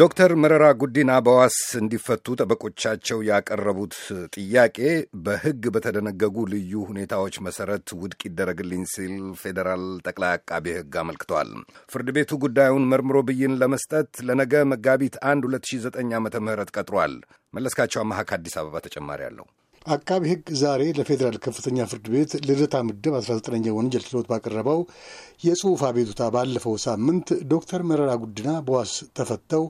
ዶክተር መረራ ጉዲና በዋስ እንዲፈቱ ጠበቆቻቸው ያቀረቡት ጥያቄ በሕግ በተደነገጉ ልዩ ሁኔታዎች መሰረት ውድቅ ይደረግልኝ ሲል ፌዴራል ጠቅላይ አቃቤ ሕግ አመልክቷል። ፍርድ ቤቱ ጉዳዩን መርምሮ ብይን ለመስጠት ለነገ መጋቢት 1 2009 ዓ ም ቀጥሯል። መለስካቸው አመሃ ከአዲስ አበባ ተጨማሪ አለው። አቃቢ ሕግ ዛሬ ለፌዴራል ከፍተኛ ፍርድ ቤት ልደታ ምድብ 19ኛ ወንጀል ችሎት ባቀረበው የጽሑፍ አቤቱታ ባለፈው ሳምንት ዶክተር መረራ ጉድና በዋስ ተፈተው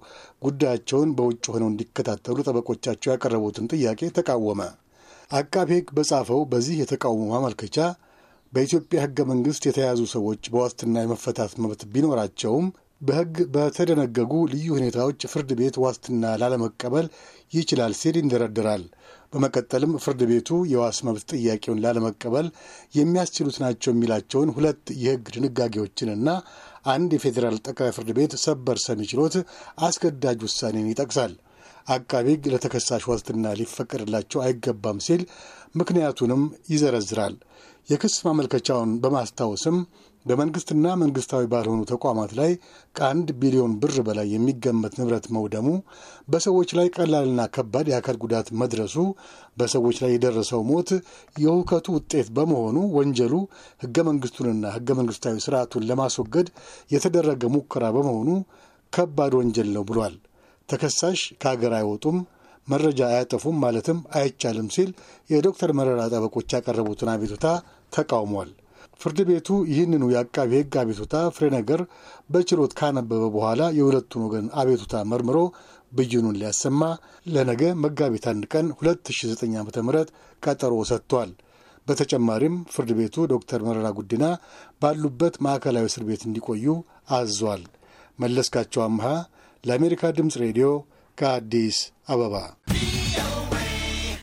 ጉዳያቸውን በውጭ ሆነው እንዲከታተሉ ጠበቆቻቸው ያቀረቡትን ጥያቄ ተቃወመ። አቃቢ ሕግ በጻፈው በዚህ የተቃውሞ ማመልከቻ በኢትዮጵያ ሕገ መንግሥት የተያዙ ሰዎች በዋስትና የመፈታት መብት ቢኖራቸውም በሕግ በተደነገጉ ልዩ ሁኔታዎች ፍርድ ቤት ዋስትና ላለመቀበል ይችላል ሲል ይንደረደራል። በመቀጠልም ፍርድ ቤቱ የዋስ መብት ጥያቄውን ላለመቀበል የሚያስችሉት ናቸው የሚላቸውን ሁለት የሕግ ድንጋጌዎችንና አንድ የፌዴራል ጠቅላይ ፍርድ ቤት ሰበር ሰሚ ችሎት አስገዳጅ ውሳኔን ይጠቅሳል። አቃቢ ሕግ ለተከሳሽ ዋስትና ሊፈቀድላቸው አይገባም ሲል ምክንያቱንም ይዘረዝራል። የክስ ማመልከቻውን በማስታወስም በመንግስትና መንግስታዊ ባልሆኑ ተቋማት ላይ ከአንድ ቢሊዮን ብር በላይ የሚገመት ንብረት መውደሙ፣ በሰዎች ላይ ቀላልና ከባድ የአካል ጉዳት መድረሱ፣ በሰዎች ላይ የደረሰው ሞት የሁከቱ ውጤት በመሆኑ ወንጀሉ ህገ መንግስቱንና ህገ መንግስታዊ ስርዓቱን ለማስወገድ የተደረገ ሙከራ በመሆኑ ከባድ ወንጀል ነው ብሏል። ተከሳሽ ከሀገር አይወጡም መረጃ አያጠፉም ማለትም አይቻልም ሲል የዶክተር መረራ ጠበቆች ያቀረቡትን አቤቱታ ተቃውሟል። ፍርድ ቤቱ ይህንኑ የአቃቢ ሕግ አቤቱታ ፍሬ ነገር በችሎት ካነበበ በኋላ የሁለቱን ወገን አቤቱታ መርምሮ ብይኑን ሊያሰማ ለነገ መጋቢት አንድ ቀን 2009 ዓ ም ቀጠሮ ሰጥቷል። በተጨማሪም ፍርድ ቤቱ ዶክተር መረራ ጉዲና ባሉበት ማዕከላዊ እስር ቤት እንዲቆዩ አዟል። መለስካቸው አምሃ ለአሜሪካ ድምፅ ሬዲዮ ከአዲስ አበባ